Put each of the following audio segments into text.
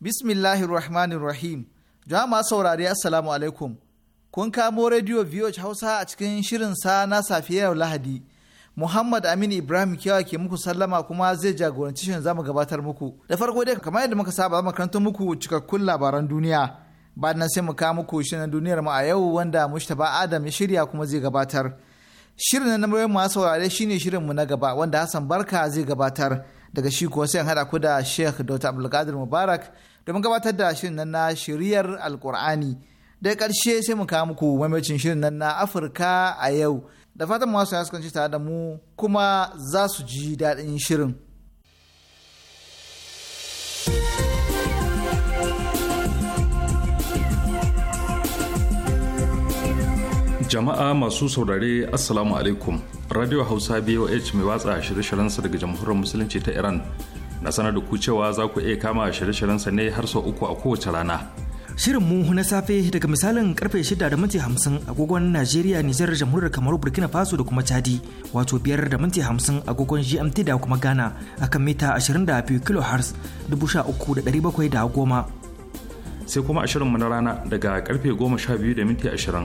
Bismillahirrahmanirrahim. ma saurari Assalamu alaikum. Kun kamo Radio VOH Hausa a cikin shirin sa na safiya yau Lahadi. Muhammad Aminu Ibrahim Kiyawa ke muku sallama kuma zai jagoranci shirin zamu gabatar muku. Da farko dai kamar yadda muka saba mu karanta muku cikakkun labaran duniya. Ba nan sai mu kawo muku shirin duniyar mu a yau wanda Mustapha Adam ya shirya kuma zai gabatar. Shirin na namurai masu saurare shine shirin mu na gaba wanda Hassan Barka zai gabatar. daga shi kuwa sai hada ku da sheikh dr abdulkadir mubarak domin gabatar da shirin nan na shiriyar alkur'ani da karshe sai mu kawo muku mamacin shirin nan na afirka a yau da fatan masu ya sukan tare da mu kuma za su ji daɗin shirin. jama'a masu saurare assalamu alaikum radio hausa boh mai watsa shirye-shiryensa daga jamhuriyar musulunci ta iran na sanar da ku cewa za ku iya kama shirye-shiryensa ne har sau uku a kowace rana shirin mu na safe daga misalin karfe shida da minti 50 agogon najeriya nijar jamhuriyar kamaru burkina faso da kuma chadi wato biyar da minti 50 agogon gmt da kuma ghana akan mita 22 kilohertz 13710 sai kuma ashirinmu na rana daga karfe goma 12 da minti ashirin.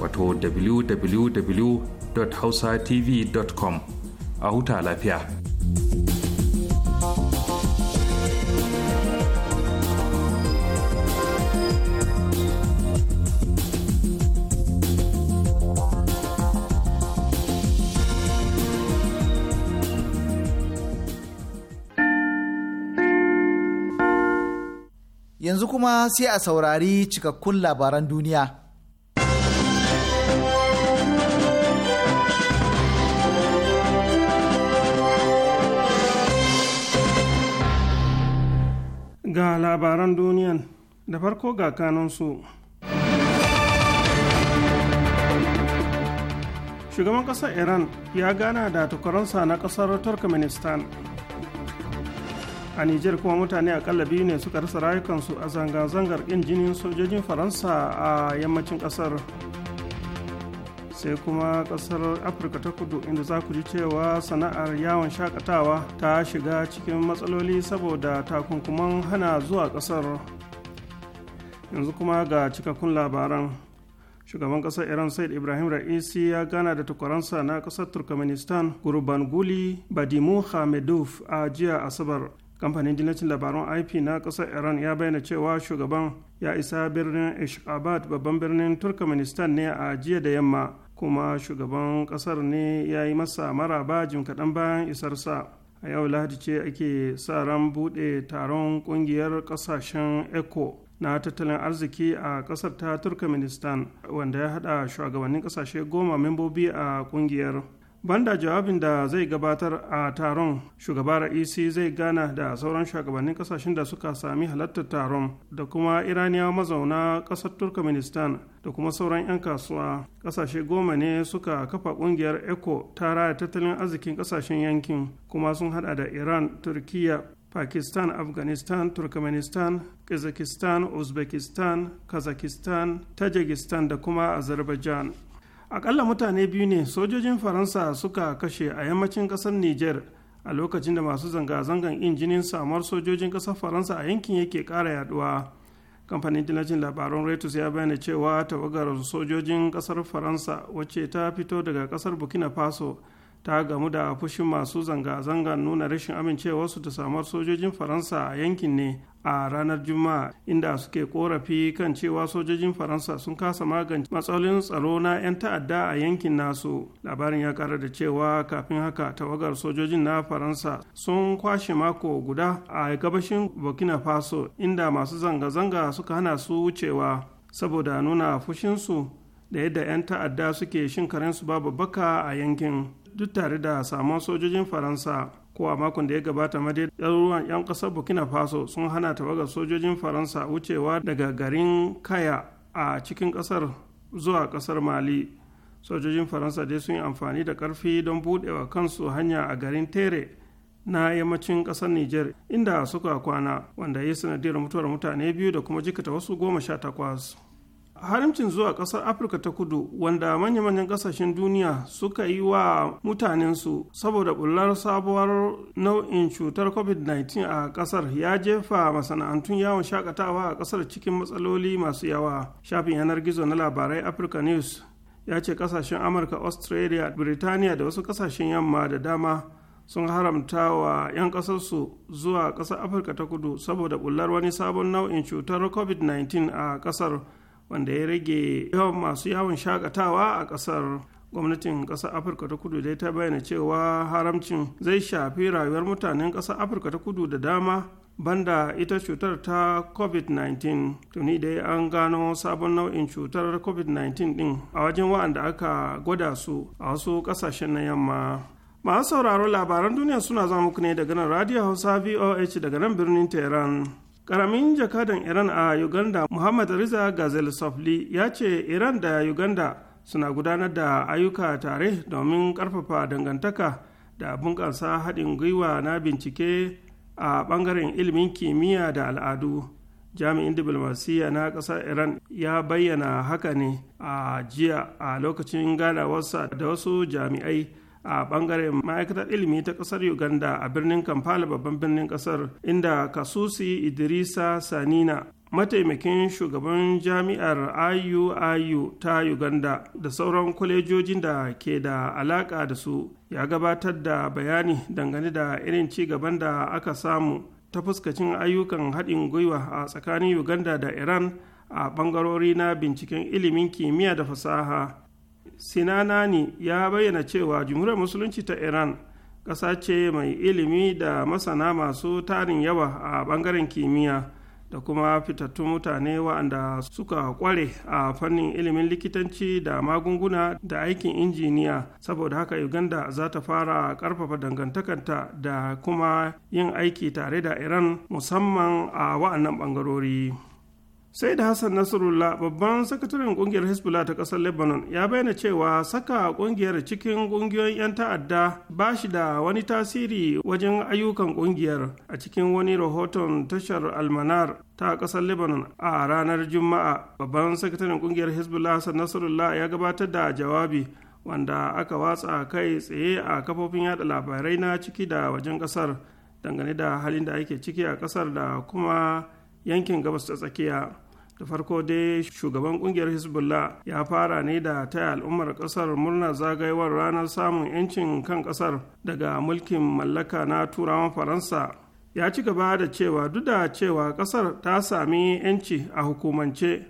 wato www.hausatv.com a huta lafiya. Yanzu kuma sai a saurari cikakkun labaran duniya. ga labaran duniyan da farko ga kanunsu shugaban ƙasar iran ya gana da tukuransa na ƙasar turkmenistan a nijar kuma mutane akalla biyu ne suka rasa rayukansu a zanga-zangar injinin sojojin faransa a yammacin ƙasar sai kuma kasar afirka ta kudu inda za ku ji cewa sana'ar yawon shakatawa ta shiga cikin matsaloli saboda takunkuman hana zuwa kasar yanzu kuma ga cikakkun labaran shugaban kasar iran said ibrahim ra'isi ya gana da takwaransa na kasar turkmenistan gurban guli badimu hamedov a jiya asabar kamfanin dinacin labaran ip na kasar iran ya bayyana cewa shugaban ya isa birnin ishkabad babban birnin turkmenistan ne a jiya da yamma kuma shugaban kasar ne ya yi masa maraba jim kaɗan bayan isarsa a yau lahadi ce ake sa ran buɗe taron ƙungiyar ƙasashen eco na tattalin arziki a ƙasar ta turkmenistan wanda ya haɗa shugabannin ƙasashe goma membobi a ƙungiyar banda jawabin da zai gabatar a taron shugaba ra'isi zai gana da sauran shugabannin kasashen da suka sami halartar taron da kuma iraniyawa mazauna ƙasar turkmenistan da kuma sauran 'yan kasuwa ƙasashe goma ne suka kafa ƙungiyar eco ta raya tattalin arzikin ƙasashen yankin kuma sun hada da iran turkiya pakistan afghanistan turkmenistan kazakistan uzbekistan kazakistan tajikistan da kuma azerbaijan akalla mutane biyu ne sojojin faransa suka kashe a yammacin kasar niger a lokacin da masu zanga-zangan injinin samar sojojin kasar faransa a yankin yake kara yaduwa kamfanin dillacin labaran reuters ya bayyana cewa tawagar sojojin kasar faransa wacce ta fito daga kasar burkina faso ta gamu da fushin masu zanga zanga nuna rashin amincewarsu da samar sojojin faransa a yankin ne a ranar juma'a inda suke korafi kan cewa sojojin faransa sun kasa magance matsalolin tsaro na 'yan ta'adda a yankin nasu labarin ya kara da cewa kafin haka tawagar sojojin na faransa sun kwashe mako guda a gabashin burkina faso inda masu zanga-zanga suka hana su wucewa saboda nuna fushinsu da yadda 'yan ta'adda suke shin karensu babu baka a yankin duk tare da samun sojojin faransa ko a makon da ya gabata madai ɗaruruwan 'yan ƙasar burkina faso sun hana ga sojojin faransa wucewa daga garin kaya a cikin ƙasar zuwa ƙasar mali sojojin faransa dai sun yi amfani da ƙarfi don buɗewa kansu hanya a garin tere na yammacin ƙasar niger inda suka kwana wanda ya sanadiyar mutuwar mutane biyu da kuma jikata wasu goma sha takwas haramcin zuwa ƙasar afirka ta kudu wanda manya-manyan ƙasashen duniya suka yi wa mutanensu saboda bullar sabuwar nau'in cutar covid-19 a ƙasar ya jefa masana'antun yawon shakatawa a ƙasar cikin matsaloli masu yawa shafin yanar gizo na labarai afirka news ya ce ƙasashen amurka australia birtaniya da wasu ƙasashen yamma da dama sun haramta wa 'yan ƙasarsu zuwa ƙasar afirka ta kudu saboda bullar wani sabon nau'in cutar covid-19 a ƙasar wanda ya rage yawan masu yawon shakatawa a ƙasar gwamnatin ƙasar afirka ta kudu dai ta bayyana cewa haramcin zai shafi rayuwar mutanen ƙasar afirka ta kudu da dama banda ita cutar ta covid-19 tuni dai an gano sabon nau'in cutar covid-19 din a wajen wa'anda aka gwada su a wasu kasashen na yamma masu sauraro labaran duniya suna zama muku ne daga nan radio hausa voh daga nan birnin tehran karamin jakadan iran a uganda muhammad riza gazel sofli ya ce iran da uganda suna gudanar da ayyuka tare domin karfafa dangantaka da bunƙasa haɗin gwiwa na bincike a ɓangaren ilimin kimiyya da al'adu jami'in diplomasiyya na ƙasar iran ya bayyana haka ne a jiya a lokacin ganawarsa da wasu jami'ai a bangaren ma'aikatar ilimi ta kasar uganda a birnin kampala babban birnin kasar inda kasusi idrisa sanina mataimakin shugaban jami'ar iuiu ta uganda da sauran kwalejojin da ke da alaka da su ya gabatar da bayani dangane da irin ci gaban da aka samu ta fuskacin ayyukan haɗin gwiwa a tsakanin uganda da iran a ɓangarori na binciken ilimin kimiyya da fasaha sinanani ya bayyana cewa jumhuriyar musulunci ta iran ƙasa ce mai ilimi da masana masu tarin yawa a ɓangaren kimiyya da kuma fitattun mutane waɗanda suka ƙware a fannin ilimin likitanci da magunguna da aikin injiniya saboda haka uganda za ta fara ƙarfafa dangantakanta da kuma yin aiki tare da iran musamman a wa'annan ɓangarori. sai da hassan nasarullah babban sakataren kungiyar hezbollah ta kasar lebanon ya bayyana cewa saka kungiyar cikin kungiyoyin 'yan ta'adda ba shi da wani tasiri wajen ayyukan kungiyar a cikin wani rahoton tashar almanar ta kasar lebanon a ranar juma'a babban sakataren kungiyar hezbollah hassan nasarullah ya gabatar da jawabi wanda aka watsa kai tsaye a kafofin yada labarai na ciki da wajen kasar dangane da halin da ake ciki a kasar da kuma yankin gabas ta tsakiya da farko dai shugaban kungiyar hezbollah ya fara ne da taya al'ummar kasar murna zagayewar ranar samun 'yancin kan kasar daga mulkin mallaka na turawan faransa ya ci gaba da cewa duk da cewa kasar ta sami 'yanci a hukumance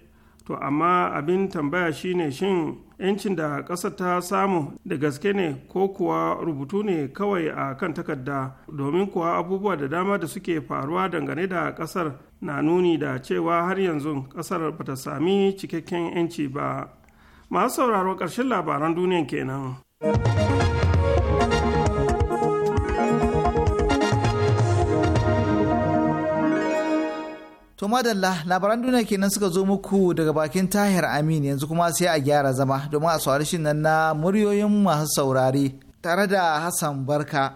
to amma abin tambaya shine shin 'yancin da ƙasar ta samu da gaske ne ko kuwa rubutu ne kawai a kan takarda domin kuwa abubuwa da dama da suke faruwa dangane da ƙasar na nuni da cewa har yanzu ƙasar ba ta sami cikakken 'yanci ba masu sauraro ƙarshen labaran duniyan kenan. To madalla labaran duniya kenan suka zo muku daga bakin tahir amin yanzu kuma sai a gyara zama domin a saurari shi nan na muryoyin masu saurari, tare da Hassan Barka.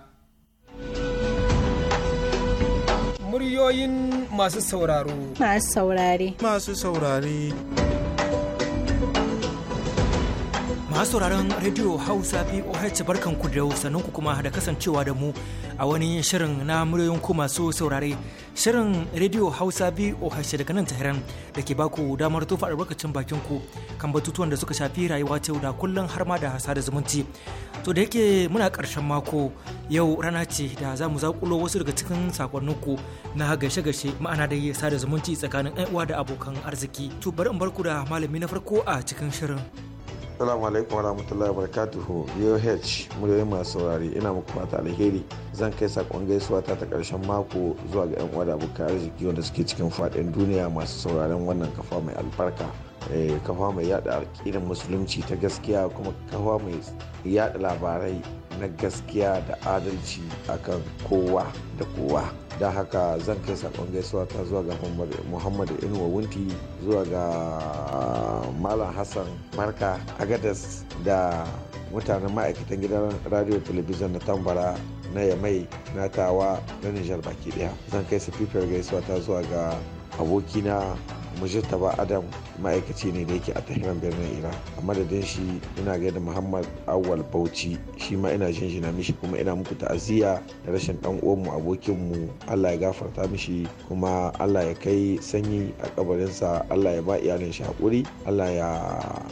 Muryoyin masu sauraro. Masu saurari. Masu saurari. Masu sauraron Radio Hausa BOH barkanku da ku kuma da kasancewa da mu a wani shirin na muryoyin ku masu saurare. Shirin Radio Hausa BOH daga nan Tahiran da ke baku damar tofa albarkacin bakin ku kan batutuwan da suka shafi rayuwa ta da kullum har ma da hasa da zumunci. To da yake muna karshen mako yau rana ce da za mu zakulo wasu daga cikin sakonninku na gaishe-gaishe ma'ana da sada zumunci tsakanin uwa da abokan arziki. To bari in barku da malami na farko a cikin shirin. Assalamu alaikum wa rahmatullahi wa barakatuhu VOH muryoyin masu saurari ina muku fata alheri zan kai sakon gaisuwa ta ta karshen mako zuwa ga yan uwa da abokan arziki wanda suke cikin faɗin duniya masu sauraron wannan kafa mai albarka. Eh, kafa mai yada aƙidar musulunci ta gaskiya kuma kafa mai yada labarai na gaskiya da adalci akan kowa da kowa da haka zan kai saƙon gaisuwa ta zuwa ga muhammadu inuwa wunti zuwa ga malam hassan marka agadas da mutanen ma'aikatan gidan radio talabijin na tambara na yamai na tawa na nijar baki daya zan kai su fifiyar gaisuwa ta zuwa ga abokina mujtaba adam ma'aikaci ne da yake a tahiran birnin iran a madadin shi ina gaida muhammad awal bauchi shi ma ina jinjina mishi kuma ina muku ta'aziyya da rashin dan uwanmu abokinmu allah ya gafarta mishi kuma allah ya kai sanyi a kabarinsa allah ya ba iyalin shi hakuri allah ya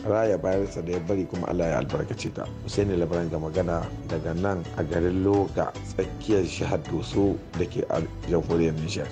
raya bayansa da ya bari kuma allah ya albarkace ta husaini labaran ga magana daga nan a garin loga tsakiyar shahar doso da ke a jamhuriyar nijar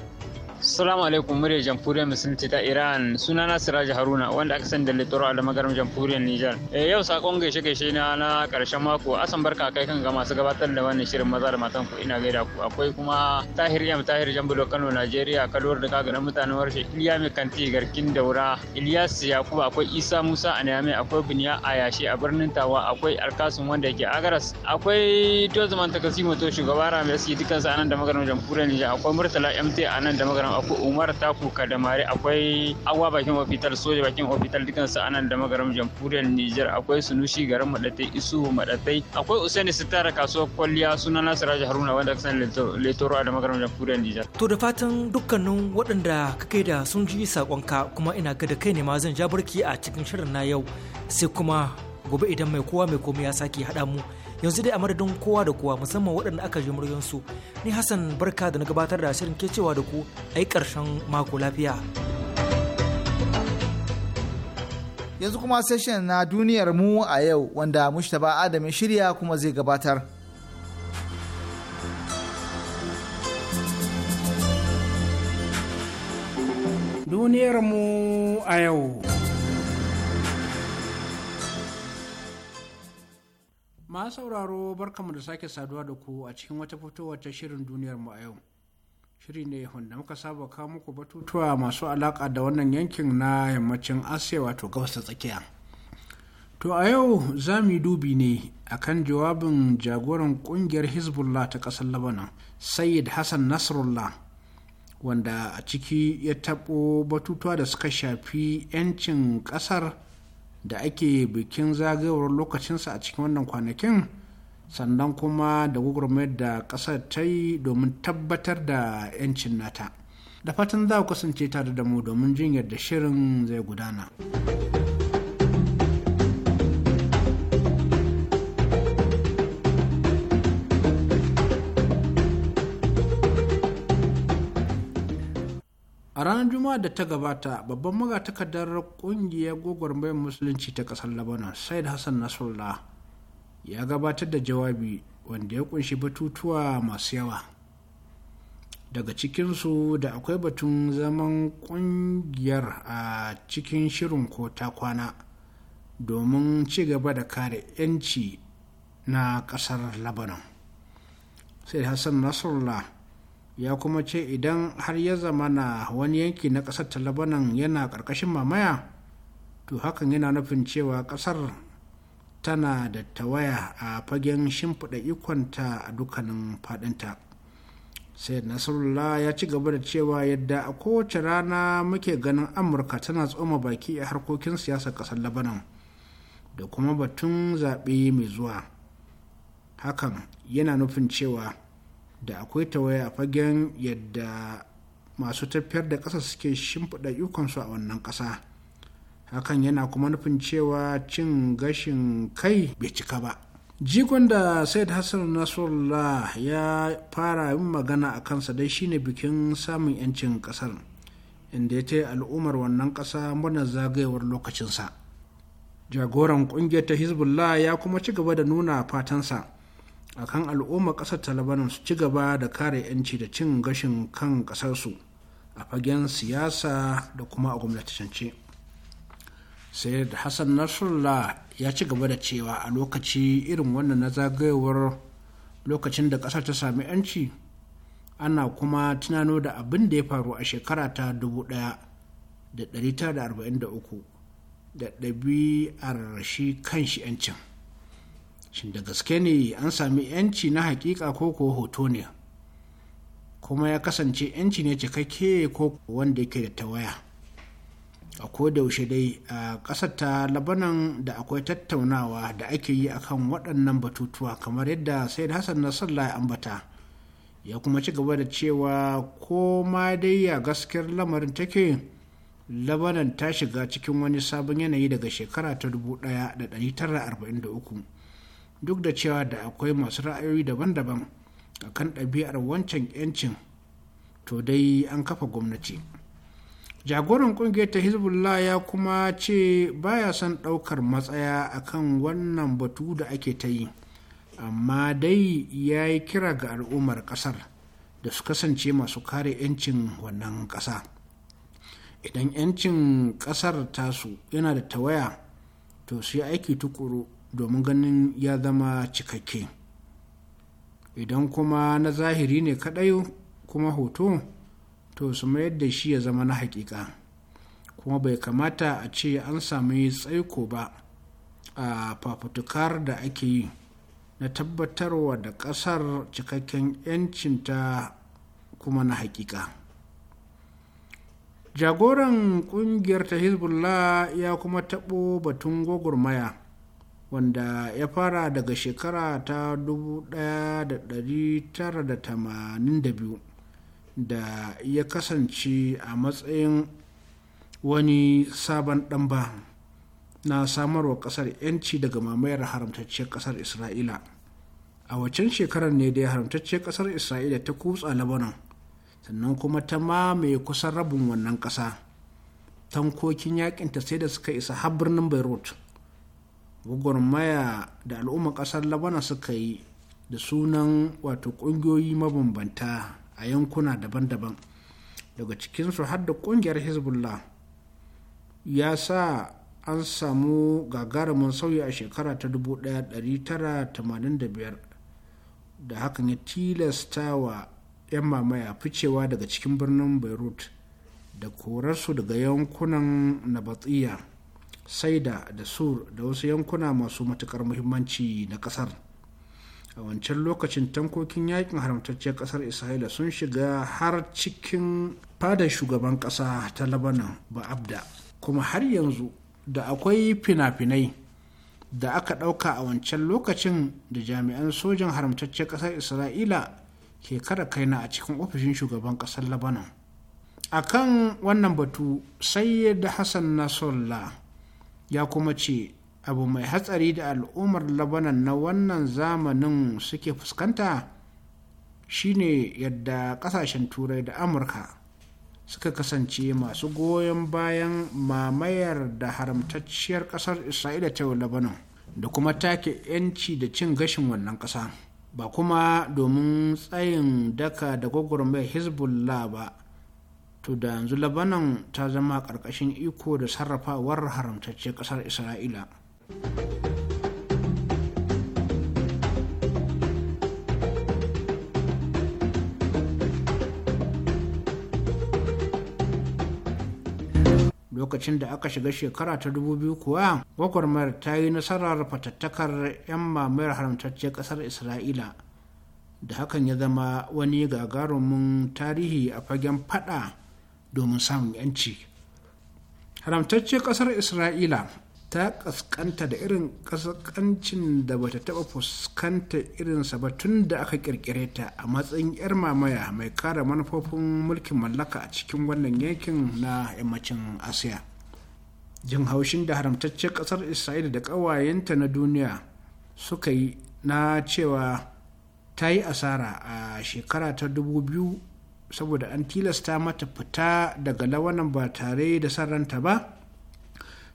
Assalamu alaikum murya jamhuriyar musulunci ta Iran suna na Haruna wanda aka sani da a Alamagaram jamhuriyar Nijar. E, yau sakon gaishe gaishe na na karshen mako asan barka kai kan ga masu gabatar da wannan shirin maza da matan ku ina gaida ku akwai kuma Tahir Yam Tahir Jambulo Kano Najeriya Kalwar da kaga mutanen warshe Iliya Mai Kanti Garkin Daura Ilyas Yakubu akwai Isa Musa a Niyame akwai Biniya a a birnin Tawa akwai Alkasun wanda yake Agaras akwai Tozuman Takasimoto to shugaba Ramesi dukkan su anan da magaram jamhuriyar Nijar akwai Murtala MT anan da magaram akwai umar taku kadamari akwai awa bakin ofital soja bakin ofital dukansu anan da magaram jamhuriyar niger akwai sunushi garin madatai isu madatai akwai usaini sitara kasuwar kwalliya suna nasira haruna wanda kasan letoro da magaram jamhuriyar niger to da fatan dukkanin waɗanda kai da sun ji saƙonka kuma ina ga da kai ne ma zan ja barki a cikin shirin na yau sai kuma gobe idan mai kowa mai komai ya sake haɗa mu yanzu dai a madadin kowa da kowa musamman waɗanda aka ji muryansu ni hassan barka da na gabatar da shirin cewa da ku a yi ƙarshen mako lafiya yanzu kuma session na duniyar mu a yau wanda mushtaba adamin shirya kuma zai gabatar duniyar mu a yau Ma sauraro barkamu da sake saduwa da ku a cikin wata fitowar ta shirin duniyar mu a yau. Shiri ne wanda muka saba kawo muku batutuwa masu alaƙa da wannan yankin na yammacin Asiya wato gabas ta tsakiya. To a yau za mu yi dubi ne akan jawabin jagoran ƙungiyar Hezbollah ta ƙasar Lebanon, Sayyid Hassan Nasrullah. wanda a ciki ya taɓo batutuwa da suka shafi 'yancin ƙasar da ake bikin zagayowar lokacinsa a cikin wannan kwanakin sannan kuma da gwagwarmayar da ƙasar ta yi domin tabbatar da 'yancin nata da fatan za ku kasance tare da mu domin jin yadda shirin zai gudana. a ranar juma'a da ta gabata babban magatakardar kungiyar gwagwarmayar musulunci ta kasar labanon said hassan nasrallah ya gabatar da jawabi wanda ya kunshi batutuwa masu yawa daga cikinsu da akwai batun zaman kungiyar a cikin shirin ko ta kwana domin ci gaba da kare 'yanci na kasar labanon sai hassan nasrallah ya kuma ce idan har ya zama na wani yanki na ƙasar ta labanan yana ƙarƙashin mamaya to hakan yana nufin cewa ƙasar tana da tawaya a fagen shimfiɗa ikonta a dukkanin faɗinta sai nasarullah ya ci gaba da cewa yadda a kowace rana muke ganin amurka tana tsoma baki a harkokin siyasar ƙasar labanan da kuma batun zaɓe mai zuwa hakan yana nufin cewa da akwai tawaya a fagen yadda masu tafiyar da ƙasa suke shimfiɗa ikonsu a wannan ƙasa hakan yana kuma nufin cewa cin gashin kai bai cika ba jigon da said hassan nasrullah ya fara yin magana a kansa dai shine bikin samun 'yancin ƙasar inda ya ta al'ummar wannan ƙasa mana zagayewar lokacinsa jagoran ƙungiyar ta hezbollah ya kuma ci gaba da nuna fatansa akan al'ummar ƙasar ta labanan su ci gaba da kare 'yanci da cin gashin kan ƙasarsu a fagen siyasa da kuma a gwamnatacance sai da hassan nasrullah ya ci gaba da cewa a lokaci irin wannan na zagayowar lokacin da ƙasar ta sami 'yanci ana kuma tunano da abin da ya faru a shekara ta 1943 da ɗabi'ar shi kan shi 'yancin shin da gaske ne an sami yanci na hakika ko ko hoto ne kuma ya kasance yanci ne cikakke ko wanda yake da tawaya a yaushe dai a ƙasar ta labanan da akwai tattaunawa da ake yi akan waɗannan batutuwa kamar yadda said hassan nasarla ya ambata ya kuma ci gaba da cewa ko ma dai ya gaskiyar lamarin take labanan ta shiga cikin wani sabon yanayi daga shekara ta 1943 duk da cewa da akwai masu ra'ayoyi daban-daban a kan ɗabi'ar wancan 'yancin to dai an kafa gwamnati jagoran ƙungiyar ta hezbollah ya kuma ce baya son ɗaukar matsaya akan wannan batu da ake ta yi amma dai ya yi kira ga al'ummar ƙasar da su kasance masu kare 'yancin wannan ƙasa idan 'yancin ƙasar tasu yana da tawaya to su yi aiki tukuru domin ganin ya zama cikakke idan kuma na zahiri ne kaɗai kuma hoto to su mayar da shi ya zama na hakika kuma bai kamata a ce an sami tsaiko ba a fafutukar da ake yi na tabbatarwa da ƙasar cikakken 'yancinta kuma na hakika jagoran kungiyar ta hezbollah ya kuma taɓo batun gwagwarmaya wanda ya fara daga shekara ta 1982 da ya kasance a matsayin wani sabon ɗanba na samarwa ƙasar 'yanci daga mamayar haramtacciyar ƙasar isra'ila a waccan shekarar ne da ya haramtacciyar ƙasar isra'ila ta kutsa labanon sannan kuma ta mamaye kusan rabin wannan ƙasa tankokin yakinta sai da suka isa har birnin beirut gwagwarmaya da al'umma ƙasar labana suka yi da sunan wato ƙungiyoyi mabambanta a yankuna daban-daban daga cikinsu har da ƙungiyar hezbollah ya sa an samu gagarumin sauyi a shekara ta 1985 da hakan ya tilasta wa 'yan mamaya ficewa daga cikin birnin beirut da korarsu daga yankunan na batsiya saida da sur da wasu yankuna masu matukar muhimmanci na kasar a wancan lokacin tankokin yakin haramtacciyar kasar isra'ila sun shiga har cikin fadar shugaban kasa ta labanan ba abda kuma har yanzu da akwai fina-finai da aka ɗauka a wancan lokacin da jami'an sojan haramtacciyar kasar isra'ila ke kada kaina a cikin ofishin shugaban kasar labanan kan wannan batu sai da hassan nasrallah ya kuma ce abu mai hatsari da al'ummar labanan na wannan zamanin suke fuskanta shine yadda kasashen turai da amurka suka kasance masu goyon bayan mamayar da haramtacciyar kasar isra'ila ta labanan da kuma take 'yanci da cin gashin wannan kasa ba kuma domin tsayin daka da gwagwarmayar hezbollah ba to da yanzu labanan ta zama ƙarƙashin iko da sarrafawar haramtacce ƙasar isra'ila lokacin da aka shiga shekara ta dubu biyu kuwa gwagwarmayar ta yi nasarar fatattakar 'yan mamayar haramtacce ƙasar isra'ila da hakan ya zama wani gagarumin tarihi a fagen fada domin samun 'yanci haramtacce kasar isra'ila ta kaskanta da irin kaskancin da bata taba fuskanta irinsa ba tun da aka kirkire ta a matsayin 'yar mamaya mai kara manufofin mulkin mallaka a cikin wannan yankin na yammacin asiya jin haushin da haramtacce kasar isra'ila da kawayenta na duniya suka yi na cewa ta yi asara a shekara ta 2000 saboda an tilasta mata fita daga lawanan ba tare da san ranta ba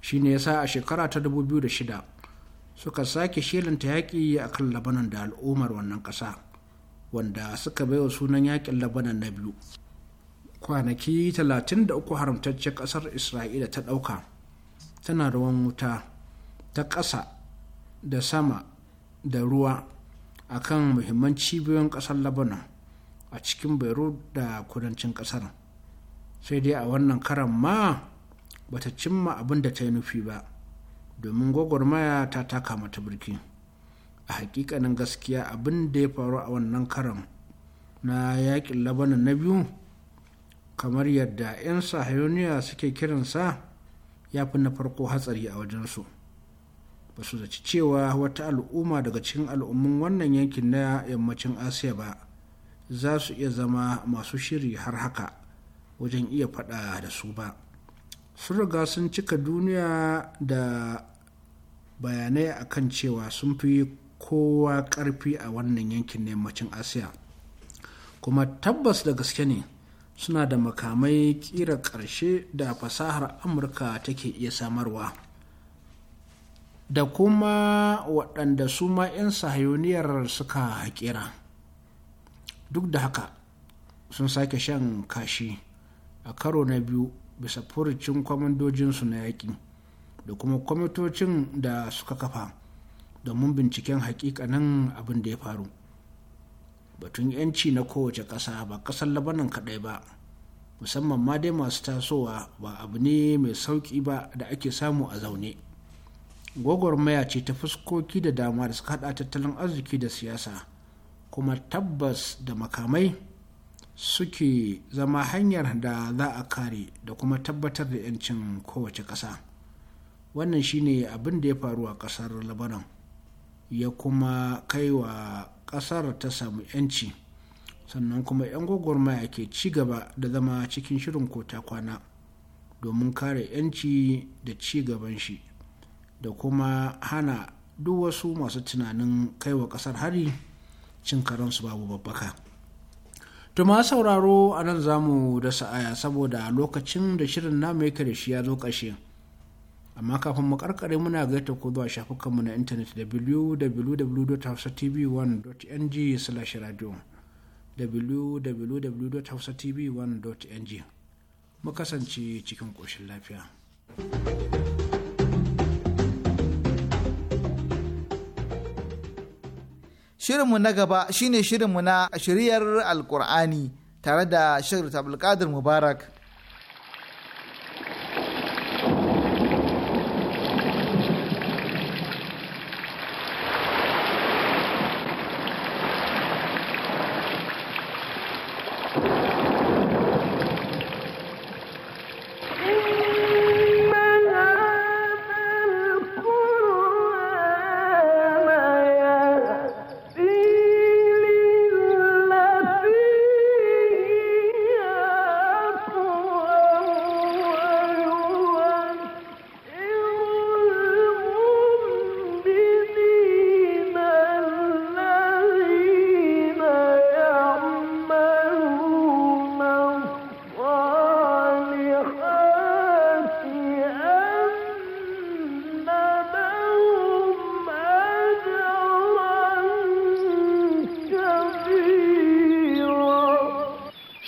shine yasa a shekara ta 2006 suka sake shirinta yaƙi a kan labanan da al'ummar wannan ƙasa wanda suka baiwa sunan yaƙin labanan na biyu kwanaki 33 haramtaccen ƙasar isra'ila ta ɗauka tana ruwan wuta ta ƙasa da sama da ruwa akan muhimman cibiyoyin ƙasar labanan a cikin beirut da kudancin kasar sai dai a wannan karan ma bata cimma abin da ta yi nufi ba domin gwagwarmaya ta taka mata birki a hakikanin gaskiya abin da ya faru a wannan karan na yakin labanin na biyu kamar yadda 'yan sahayoniya suke kiransa ya fi na farko hatsari a wajensu ba su zaci cewa wata al'umma daga cikin al'ummin wannan yankin na yammacin asiya ba za su iya zama masu shiri har haka wajen iya faɗa da su ba sun riga sun cika duniya da bayanai a kan cewa sun fi kowa ƙarfi a wannan yankin yammacin asiya kuma tabbas da gaske ne suna da makamai ƙira ƙarshe da fasahar amurka take iya samarwa da kuma waɗanda su ma 'yan sahayoniyar suka haƙira duk da haka sun sake shan kashi a karo na biyu bisa furucin kwamandojinsu na yaƙi da kuma kwamitocin da suka kafa domin binciken hakikanin abin da ya faru batun yanci na kowace ƙasa ba ƙasar labanan kaɗai ba musamman ma dai masu tasowa ba abu ne mai sauƙi ba da ake samu a zaune gwagwarmaya ce ta fuskoki da dama da suka haɗa tattalin arziki da siyasa kuma tabbas da makamai suke zama hanyar da za a kare da kuma tabbatar da 'yancin kowace ƙasa wannan shine abin da ya faru a ƙasar labanon ya kuma kai wa ƙasar ta samu 'yanci sannan kuma 'yan gwagwarmaya ke cigaba da zama cikin shirin kota kwana domin kare 'yanci da ci gaban shi da kuma hana duk wasu masu tunanin kaiwa ƙasar hari cin karansu babu babbaka to ma sauraro a nan za mu dasa aya saboda lokacin da shirin namu yake da shi ya zo ƙashe amma kafin mu karkare muna gaita ku zuwa shafukanmu na intanet www.hausatv1.ng slash radio www.hausatv1.ng mu kasance cikin ƙoshin lafiya. thank you Shirinmu na gaba shine shirinmu na shiryar Alƙur'ani tare da shirin Abdulkadir Mubarak.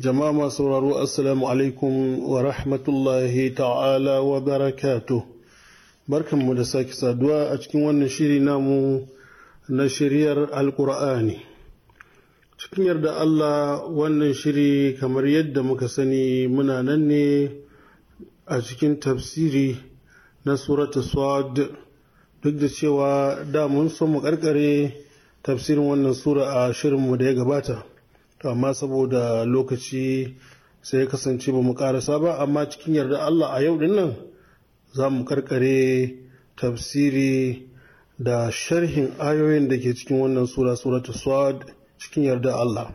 jama'a masu sauraro assalamu alaikum wa rahmatullahi ta'ala wa barakatu barkanmu da sake saduwa a cikin wannan shiri namu na shiryar alkur'ani cikin yarda Allah wannan shiri kamar yadda muka sani muna nan ne a cikin tafsiri na surata swad duk da cewa da mun so mu karkare tafsirin wannan sura a shirinmu da ya gabata to amma saboda lokaci sai kasance ba mu karasa ba amma cikin yarda Allah a yau din nan za mu karkare tafsiri da sharhin ayoyin da ke cikin wannan sura suratu swad cikin yarda Allah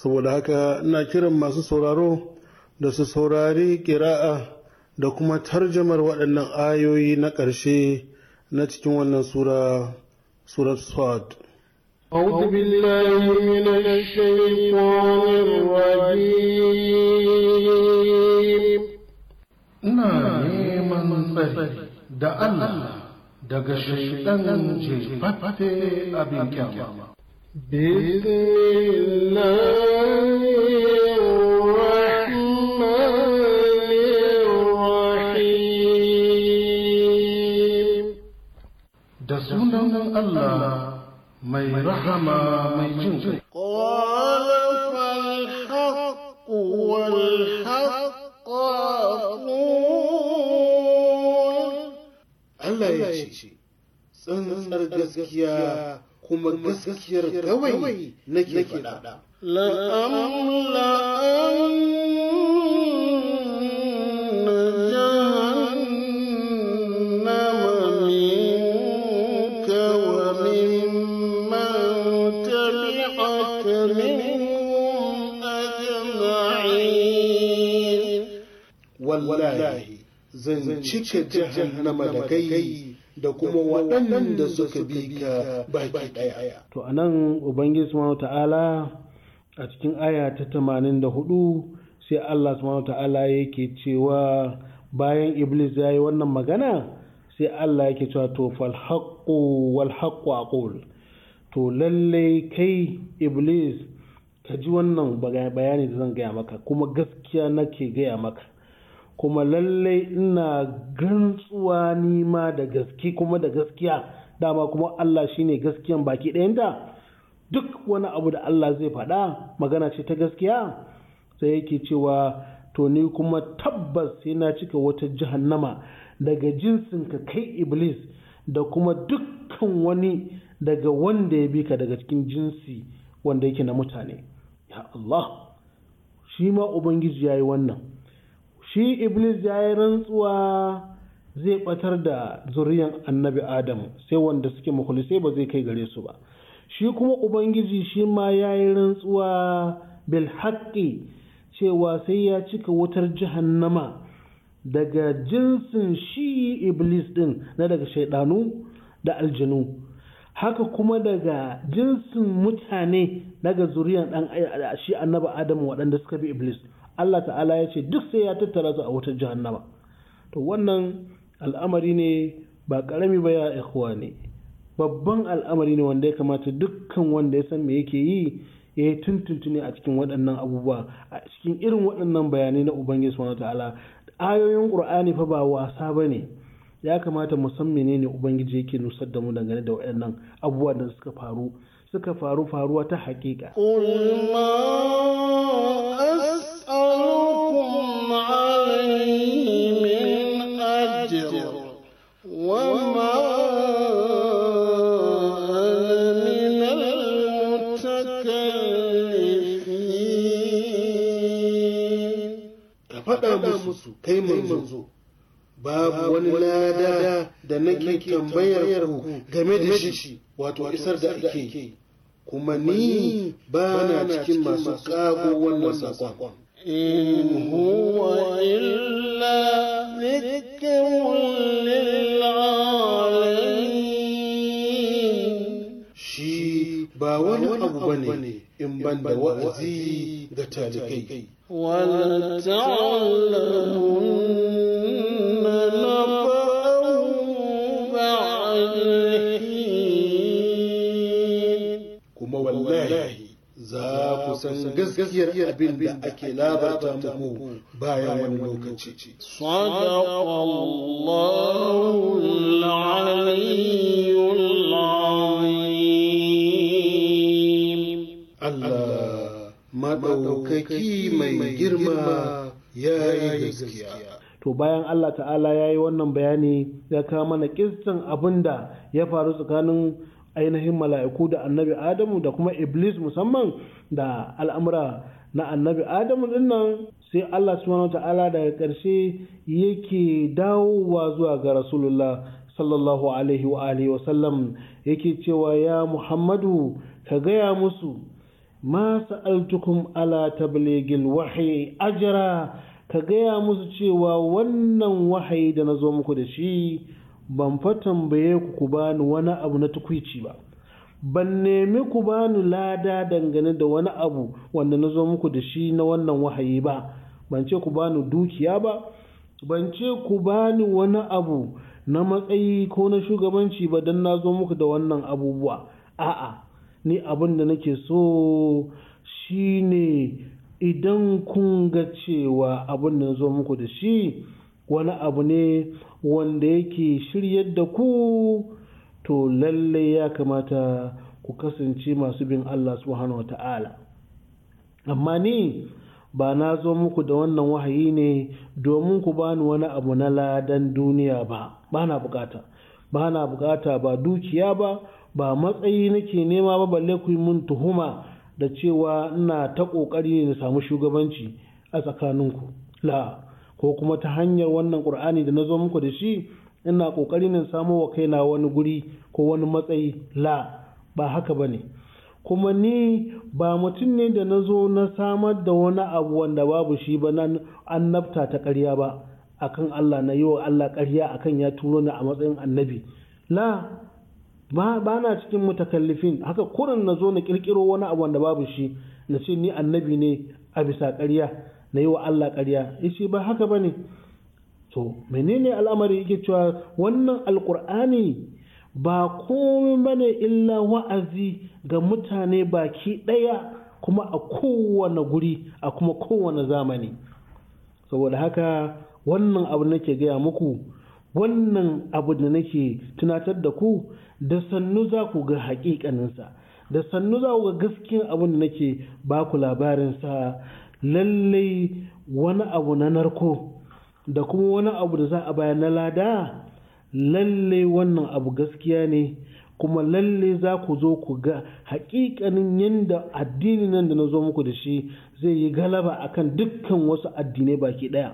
saboda haka ina kiran masu sauraro da su saurari kira'a da kuma tarjamar waɗannan ayoyi na ƙarshe na cikin wannan sura surat swad أعوذ بالله من الشيطان الرجيم نعيما بك دا الله دا الشيطان جفت أبي كاما بسم الله الله mai rahama mai jin kai qala fal haqq wal haqq Allah ya ce tsantsar gaskiya kuma gaskiyar kawai nake faɗa la'am la'am wallahi zan cike jahannama da kai da kuma waɗanda suka bi ka baki ɗaya. To a nan Ubangiji Subhanahu ta'ala a cikin aya ta tamanin da hudu sai Allah Subhanahu ta'ala yake cewa bayan Iblis ya yi wannan magana sai Allah yake cewa to fal haqqu wal haqqu aqul to lalle kai Iblis ka ji wannan bayani da zan gaya maka kuma gaskiya nake gaya maka kuma lallai ina gantsuwa nima da gaske kuma da gaskiya dama kuma Allah shine gaskiyan baki ɗayanta duk wani abu da Allah zai faɗa magana ce ta gaskiya sai yake cewa to ni kuma tabbas sai na cika wata jahannama daga jinsin ka kai iblis da kuma dukkan wani daga wanda ya bi ka daga cikin jinsi wanda yake na mutane ya Allah shi ma ubangiji ya yi wannan shi iblis ya yi rantsuwa zai batar da zuriyan annabi adam sai wanda suke makulisai ba zai kai gare su ba shi kuma ubangiji shi ma ya yi rantsuwa bil cewa sai ya cika wutar jahannama daga jinsin shi iblis din na daga shaidanu da aljanu haka kuma daga jinsin mutane daga zuriyan shi annabi adam waɗanda suka bi iblis Allah ta'ala ya ce duk sai ya tattara su a wutar jahannama to wannan al'amari ne ba karami ba ya ikhwa ne babban al'amari ne wanda ya kamata dukkan wanda ya san me yake yi ya yi tuntuntuni a cikin waɗannan abubuwa a cikin irin waɗannan bayanai na ubangiji subhanahu ta'ala ayoyin qur'ani fa ba wasa bane ya kamata mu san menene ubangiji yake nusar da mu dangane da waɗannan abubuwa da suka faru suka faru faruwa ta haƙiƙa kansu kai manzo babu wani lada da nake tambayar ku game da shi wato isar da ake kuma ni ba na cikin masu kago wannan saƙon. In huwa illa Shi ba wani abu ba ne in ban da wa'azi ga talibai. kuma wallahi za ku san gaskiyar abin da ake labarta mu bayan wani lokaci. Sadaqallahu maɗaukaki mai girma ya yi gaskiya. To bayan Allah ta'ala ya yi wannan bayani ya kawo mana kistin abinda ya faru tsakanin ainihin mala'iku da annabi Adamu da kuma Iblis musamman da al'amura na annabi Adamu dinnan sai Allah subhanahu ta'ala daga ƙarshe yake dawowa zuwa ga Rasulullah sallallahu alaihi wa wa sallam yake cewa ya Muhammadu ka gaya musu ma sa'altukum ala tabligil wahyi ajra ka gaya musu cewa wannan wahayi da na zo muku da shi ban fa tambaye ku ku bani wani abu na tukwici ba ban nemi ku bani lada dangane da wani abu wanda na zo muku da shi na wannan wahayi ba ban ce ku bani dukiya ba ban ce ku bani wani abu na matsayi ko na shugabanci ba don na zo muku da wannan abubuwa a'a ni abin da nake so shi ne idan kun ga cewa abin da zo muku da shi wani abu ne wanda yake shiryar da ku to lalle ya kamata ku kasance masu bin Allah subhanahu wa ta'ala amma ni ba na zo muku da wannan wahayi ne domin ku bani wani abu na ladan duniya ba ba na bukata ba na bukata ba dukiya ba ba matsayi nake nema ba balle ku yi mun tuhuma da cewa ina ta ƙoƙari ne na samu shugabanci a tsakaninku la ko kuma ta hanyar wannan ƙur'ani da na zo muku da shi ina ƙoƙari ne samo wa kaina wani guri ko wani matsayi la ba haka bane kuma ni ba mutum ne da na zo na samar da wani abu wanda babu shi ba nan annabta ta ƙarya ba akan Allah na yi wa Allah ƙarya akan ya turo ni a matsayin annabi la ba ba na cikin mutakallifin haka kurin na zo na kirkiro wani abu wanda babu shi na ce ni annabi ne a bisa ƙarya na yi wa Allah ƙarya ce ba haka ba ne. to menene al'amari yake cewa wannan Alƙur'ani ba komai ne illa wa'azi ga mutane baki ɗaya kuma a kowane guri a kuma kowane zamani saboda haka wannan abu nake gaya muku wannan abu da nake tunatar da ku da sannu za ku ga haƙiƙaninsa da sannu za ku ga gaskiyan abin da nake ba ku labarinsa lallai wani abu na narko da kuma wani abu da za a bayar na lada lallai wannan abu gaskiya ne kuma lallai za ku zo ku ga hakikanin yadda addini nan da na zo muku da shi zai yi galaba a kan dukkan wasu addinai baki ɗaya.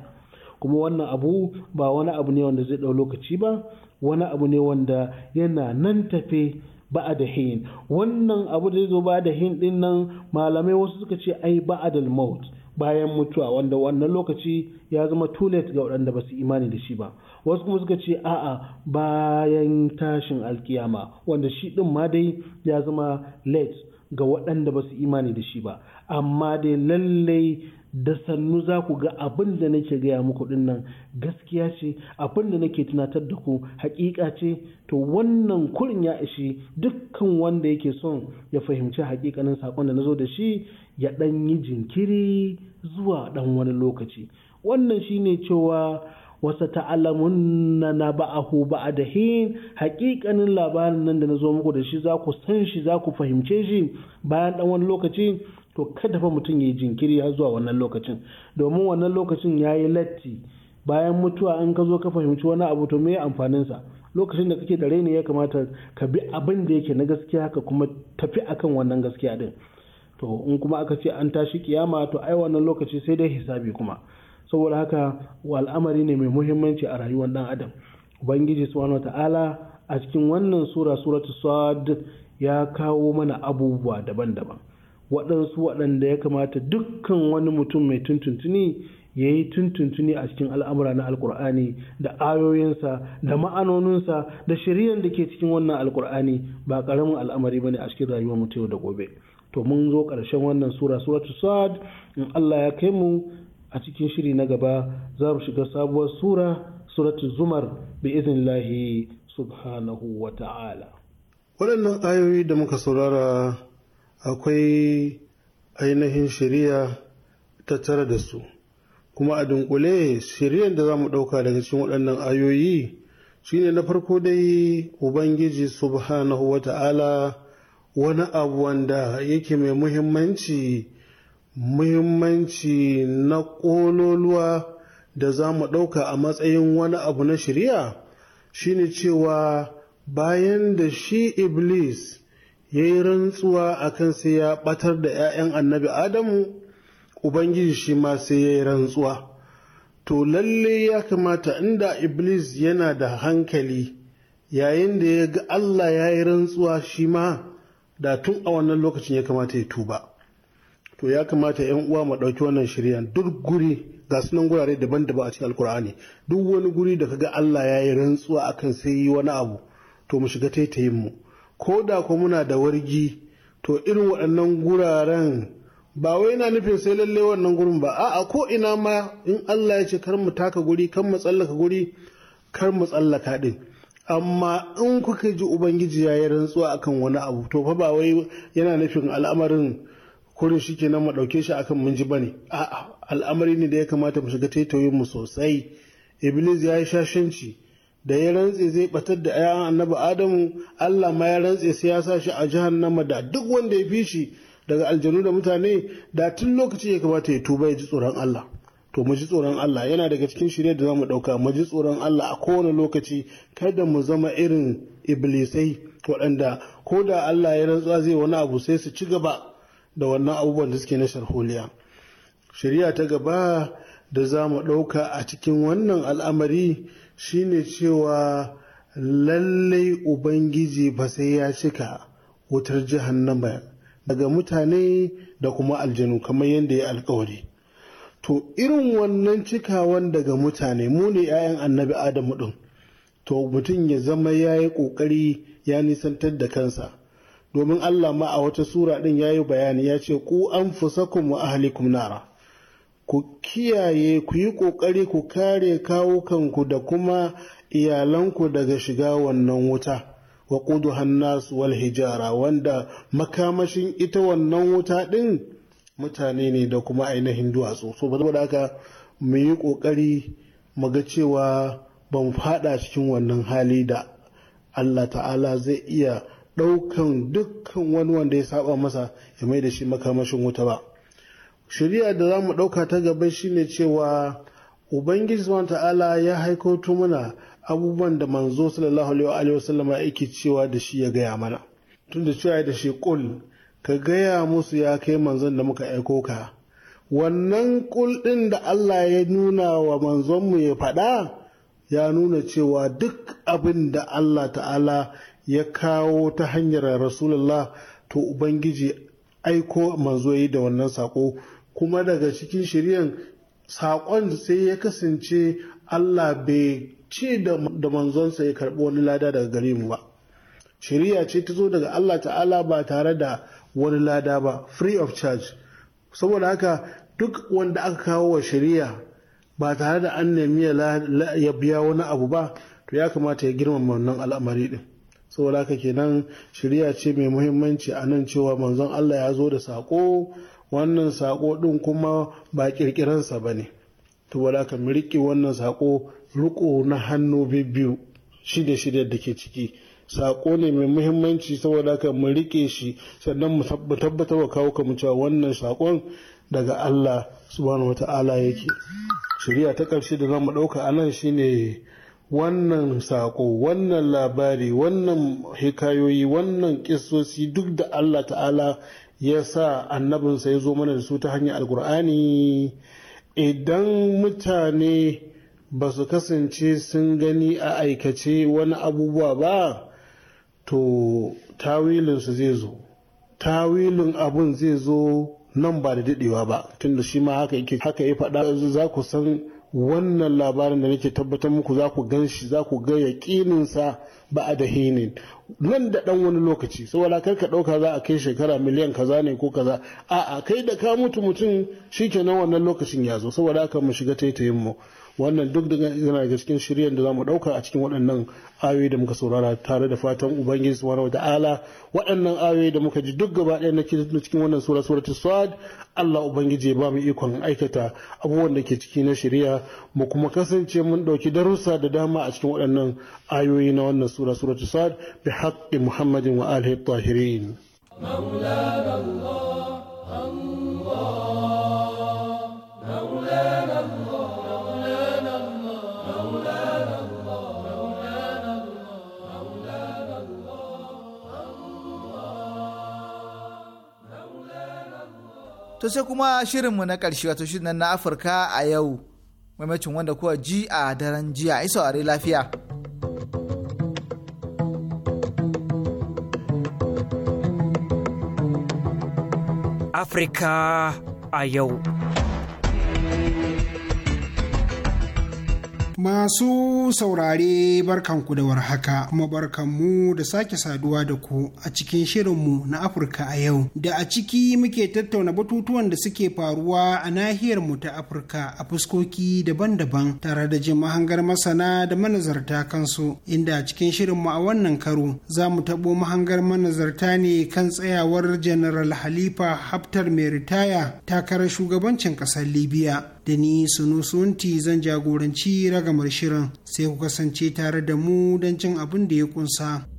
kuma wannan abu ba wani abu ne wanda zai ɗau lokaci ba wani abu ne wanda yana nan tafe ba'a da hin wannan abu da zo ba da hin din nan malamai wasu suka ce ai da maut bayan mutuwa wanda wannan lokaci ya zama too late ga waɗanda ba su imani da shi ba wasu kuma suka ce a'a bayan tashin alkiyama wanda shi din ma dai ya zama late ga waɗanda ba su imani da shi ba amma dai lallai da sannu za ku ga abin da nake gaya muku din gaskiya ce abin da nake tunatar da ku hakika ce to wannan kurin ya ishi dukkan wanda yake son ya fahimci hakikanin sakon da na zo da shi ya dan yi jinkiri zuwa ɗan wani lokaci wannan shine cewa wasa ta'alamunna na a ba'da hin hakikanin labarin nan da na zo muku da shi za ku san shi za ku fahimce shi bayan dan wani lokaci to kada fa mutum ya yi jinkiri har zuwa wannan lokacin domin wannan lokacin ya yi latti bayan mutuwa in ka zo ka fahimci wani abu to me amfaninsa lokacin da kake da ne ya kamata ka bi abin da yake na gaskiya ka kuma tafi akan wannan gaskiya din to in kuma aka ce an tashi kiyama to ai wannan lokaci sai dai hisabi kuma saboda haka al'amari ne mai muhimmanci a rayuwar dan adam ubangiji subhanahu ta'ala a cikin wannan sura suratu sad ya kawo mana abubuwa daban-daban waɗansu waɗanda ya kamata dukkan wani mutum mai tuntuntuni ya yi tuntuntuni a cikin al'amura na alkur'ani da ayoyinsa da ma'anoninsa da shari'ar da ke cikin wannan alkur'ani ba ƙaramin al'amari ba ne a cikin rayuwar mutum da gobe to mun zo ƙarshen wannan sura suratu sad in allah ya kai mu a cikin shiri na gaba za mu shiga sabuwar sura suratu zumar bi izin lahi, subhanahu wa ta'ala waɗannan ayoyi da muka saurara akwai ainihin ta tara da su kuma a dunkule shari'ar da za mu ɗauka daga cikin waɗannan ayoyi shine na farko dai ubangiji subhanahu wa ta'ala wani abu wanda yake mai muhimmanci muhimmanci na ƙololuwa da za mu ɗauka a matsayin wani abu na shirya shine cewa bayan da shi iblis ya yi rantsuwa a kan sai ya ɓatar da 'ya'yan annabi adamu ubangiji shi ma sai ya yi rantsuwa to lalle ya kamata inda iblis yana da hankali yayin da ya ga allah ya yi rantsuwa shi ma da tun a wannan lokacin ya kamata ya tuba to ya kamata yan uwa mu ɗauki wannan shirya duk guri ga sunan gurare daban-daban a cikin alkur'ani duk wani guri da kaga Allah ya yi rantsuwa akan sai yi wani abu to mu shiga taitayin mu ko da ko muna da wargi to irin waɗannan guraren ba wai na nufin sai lalle wannan gurin ba a'a ko ina ma in Allah ya ce kar mu taka guri kar mu tsallaka guri kar mu tsallaka din amma in kuka ji ubangiji ya yi rantsuwa akan wani abu to fa ba wai yana nufin al'amarin kurin shi kenan mu ɗauke shi akan mun ji bane a'a al'amari ne da ya kamata mu shiga taitoyin mu sosai iblis ya yi shashanci da ya rantse zai batar da ayan annabi adamu Allah ma ya rantse sai ya sa shi a jahannama da duk wanda ya fi shi daga aljanu da mutane da tun lokaci ya kamata ya tuba ya ji tsoron Allah to mu ji tsoron Allah yana daga cikin shirye da zamu ɗauka mu ji tsoron Allah a kowane lokaci kada mu zama irin iblisai waɗanda ko da Allah ya rantsa zai wani abu sai su ci gaba da wannan abubuwan da suke na sharholiya shari'a ta gaba da za mu ɗauka a cikin wannan al'amari shine cewa lallai ubangiji ba sai ya cika wutar jahannama daga mutane da kuma aljanu kamar yadda ya alkawari to irin wannan cikawan daga mutane mu ne 'ya'yan annabi adamu ɗin to mutum ya zama ya yi ƙoƙari ya nisantar da kansa domin Allah ma a wata sura ɗin ya yi bayani ya ce ku an fusakun mu ahlikum nara ku kiyaye ku yi ƙoƙari ku kare ku da kuma iyalanku daga shiga wannan wuta wa ƙudu nasu wal hijara wanda makamashin ita wannan wuta ɗin mutane ne da kuma ainihin duwatsu so ba saboda haka mu yi ƙoƙari mu cewa ban fada cikin wannan hali da Allah ta'ala zai iya ɗaukan dukkan wani wanda ya saba masa ya mai da shi makamashin wuta ba shari'a da za mu ɗauka ta gaba shine cewa ubangiji wa ta'ala ya haiko mana abubuwan da manzo sallallahu alaihi wa ya yake cewa da shi ya gaya mana tun da cewa da shi kul ka gaya musu ya kai manzon da muka aiko ka wannan kul ɗin da Allah ya nuna wa manzonmu ya faɗa ya nuna cewa duk abin da Allah ta'ala ya kawo ta hanyar rasulullah to ubangiji aiko manzo yi da wannan sako kuma daga cikin shirin saƙon sai ya kasance allah bai ci da manzonsa ya karɓi wani lada daga gari mu ba shirya ce ta zo daga allah ta'ala ba tare da wani lada ba free of charge saboda haka duk wanda aka kawo wa shirya ba tare da an nemi ya biya wani abu ba to ya kamata ya girmama wannan al'amari din saboda haka kenan shirya ce mai muhimmanci a nan cewa manzon Allah ya zo da sako wannan sako ɗin kuma ba ƙirƙiransa ba ne to wala mu riƙe wannan sako riƙo na hannu biyu shirye shirye da ke ciki sako ne mai muhimmanci saboda haka mu riƙe shi sannan mu tabbatar wa kawo kamu cewa wannan saƙon daga Allah subhanahu wata'ala yake shirya ta ƙarshe da za mu ɗauka a nan shine wannan saƙo wannan labari wannan hikayoyi wannan ƙisosi duk da allah ta'ala ya sa annabinsa ya zo mana da su ta hanyar alkur'ani idan mutane ba su kasance sun gani a aikace wani abubuwa ba to tawilinsu zai zo tawilin abun zai zo nan ba da daɗewa ba tunda shi ma haka ya faɗa za ku san wannan labarin da nake tabbatar muku za ku gan shi za ku ga yaƙininsa ba a da hinin nan da ɗan wani lokaci saboda kar ka ɗauka za a kai shekara miliyan kaza ne ko kaza a'a kai da ka mutu mutum shi kenan wannan lokacin ya zo saboda haka mu shiga taitayin mu wannan duk da yana daga cikin shiryan da za mu dauka a cikin waɗannan ayoyi da muka saurara tare da fatan ubangiji subhanahu wata'ala waɗannan ayoyi da muka ji duk gaba ɗaya na cikin wannan sura suratul sad Allah ubangiji ya ba mu ikon aikata abubuwan da ke ciki na shirya mu kuma kasance mun ɗauki darussa da dama a cikin waɗannan ayoyi na wannan sura suratul sad bi haqqi muhammadin wa alihi tahirin Allah Allah Allah to sai kuma shirinmu na ƙarshe wato shirin na afirka a yau maimacin wanda kuwa ji a daren jiya isa saurari lafiya afirka a yau Masu saurare barkanku da warhaka kuma barkanmu da sake saduwa da ku a cikin shirinmu na Afirka a yau da a ciki muke tattauna batutuwan da suke faruwa a nahiyar mu ta Afirka a fuskoki daban-daban tare da jin mahangar masana da manazarta kansu inda a cikin shirinmu a wannan karo za mu taɓo mahangar manazarta ne kan tsayawar General Halifa Haftar mai ritaya takarar shugabancin ƙasar Libya. da ni sunu sunti zan jagoranci ragamar shirin sai ku kasance tare da mu don cin abin da ya kunsa.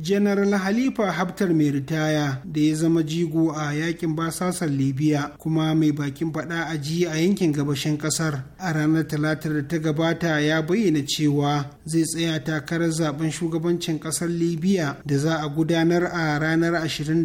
General Halifa Haftar mai ritaya da ya zama jigo a yakin basasar Libya kuma mai bakin faɗa a ji a yankin gabashin kasar, A ranar talatar da ta gabata ya bayyana cewa zai tsaya takarar zaben shugabancin kasar Libya da za a gudanar a ranar 24